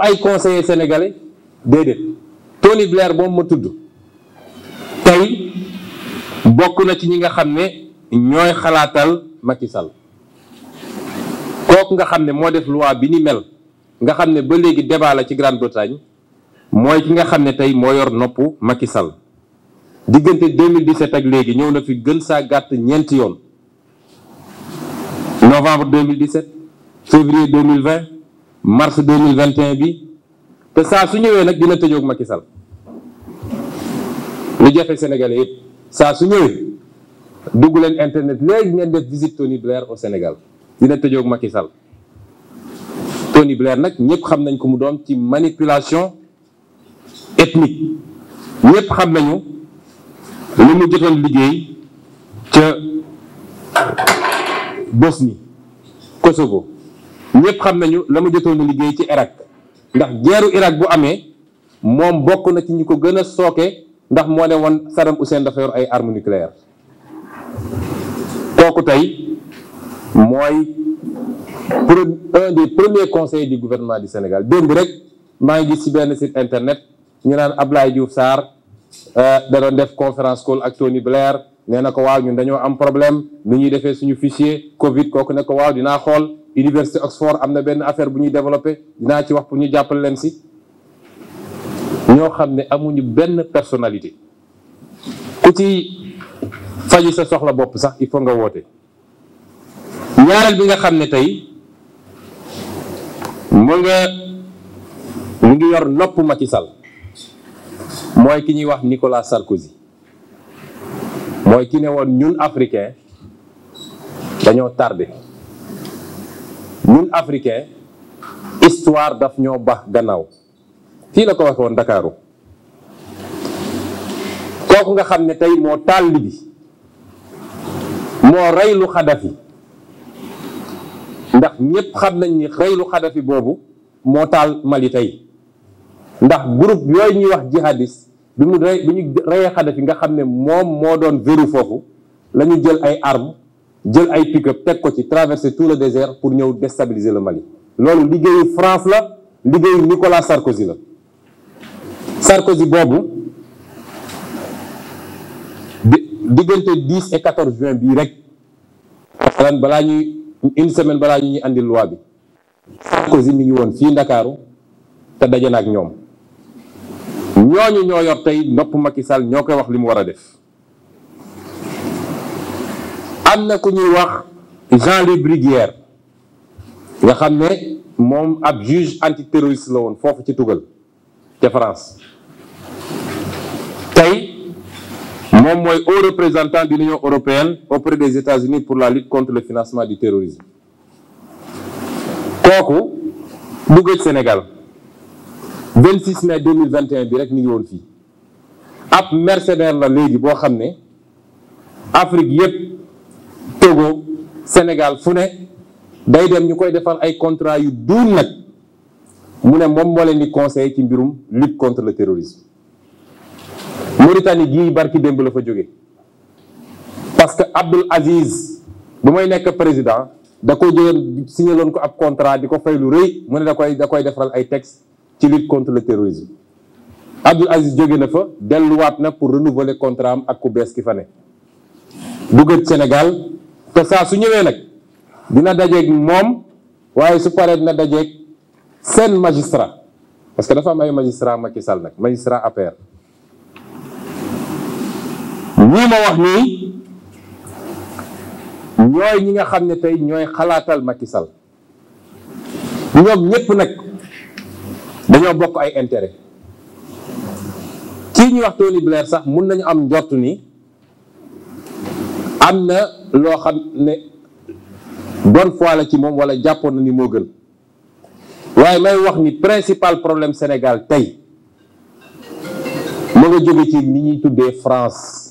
ay conseiller sénégalais déedéet Tony Blair moom ma tudd tey bokk na ci ñi nga xam ne ñooy xalaatal Macky Sall kooku nga xam ne moo def loi bi ni mel nga xam ne ba léegi débat la ci Grande-Bretagne mooy ki nga xam ne tey moo yor nopp Macky Sall diggante 2017 ak léegi ñëw na fi gën saa gàtt ñeenti yoon novembre 2017 février mars 2021 bi te saa su ñëwee nag dina tëjoog Macky Sall lu jafe Sénégalais yëpp saa su ñëwee dugg leen internet léegi ngeen def visite Tony Blair au Sénégal dina tëjoog Macky Sall Tony Blair nag ñëpp xam nañ ko mu doon ci manipulation ethnique ñëpp xam nañu li mu jotoon liggéey ca Bosnie Kosovo ñëpp xam nañu la mu jotoon a liggéey ci Irak ndax geeru Irak bu amee moom bokk na ci ñu ko gën a sooke ndax moo ne woon Saddam Hussein dafa yor ay armes nucléaires kooku tey mooy un des premiers conseil du gouvernement du Sénégal démb rek maa ngi gis ci benn site internet ñu naan Ablaye Diouf Sarr euh, da doon def conférence call ak Tony Blair nee na ko waaw ñun dañoo am problème nu ñuy defee suñu fichier Covid kooku ne ko waaw dinaa xool. université Oxford am na benn affaire bu ñuy développé dinaa ci wax pour ñu jàppale si ñoo xam ne amuñu benn personnalité ku ci faji sa soxla bopp sax il faut nga woote ñaareel bi nga xam ne tey mu mu ngi yor nopp ci sal mooy ki ñuy wax Nicolas Sarkozy mooy ki ne woon ñun africain dañoo tardé ñun africain histoire daf ñoo baax gannaaw fii la ko waxee woon Ndakaaru kooku nga xam ne tey moo taal Libi moo reylu Xadafi ndax ñëpp xam nañ ni reylu Xadafi boobu moo taal Mali tey ndax groupe yooyu ñuy wax jihadiste bi mu rey bi reyee Xadafi nga xam ne moom moo doon veru foofu la ñu jël ay armes jël ay pick-up teg ko ci traverser tout le désert pour ñëw déstabiliser le Mali loolu liggéeyu France la liggéeyu Nicolas Sarkozy la Sarkozy boobu diggante 10 et 14 juin bii rek lan balaa ñuy une semaine balaa ñu ñuy andi loi bi Sarkozy mi ngi woon fii Ndakaaru te daje na ak ñoom ñooñu ñoo yor tey nopp Macky Sall ñoo koy wax li mu war a def am na ku ñuy wax Jean Louis Bruguière nga xam ne moom ab juge antiterroriste la woon foofu ci tugal ca France tey moom mooy haut représentant de l'Union européenne auprès des États-Unis pour la lutte contre le financement du terrorisme kooku bu gëj Sénégal 26 mai 2021 bi rek mi ngi woon fii ab mercenaire la léegi boo xam ne Afrique yépp Togo Sénégal fu ne day dem ñu koy defal ay contrat yu duun nag mu ne moom moo leen di conseiller ci mbirum lutte contre le terrorisme Mauritanie gii barki démb la fa jóge parce que Abdoul Aziz bu may nekk président da ko jëloon signé loon ko ab contrat di ko fay lu rëy mu ne da koy da koy defaral ay texte ci lutte contre le terrorisme Abdoul Aziz jóge na fa delluwaat na pour renouveler contrat am ak ku bees ki fa ne duggat Sénégal te saa su ñëwee nag dina dajeeg moom waaye su paree dina dajeeg seen magistrat parce que dafa am ay magistrat Macky Sall nag magistrat APR ñii ma wax nii ñooy ñi nga xam ne tey ñooy xalaatal Macky Sall ñoom ñëpp nag dañoo bokk ay intérêt kii ñu wax Tony sax mun nañu am njort nii am na loo xam ne bonne foi la ci moom wala jàppoon na ni moo gën waaye may wax ni principal problème Sénégal tey mu nga jóge ci ni ñuy tuddee France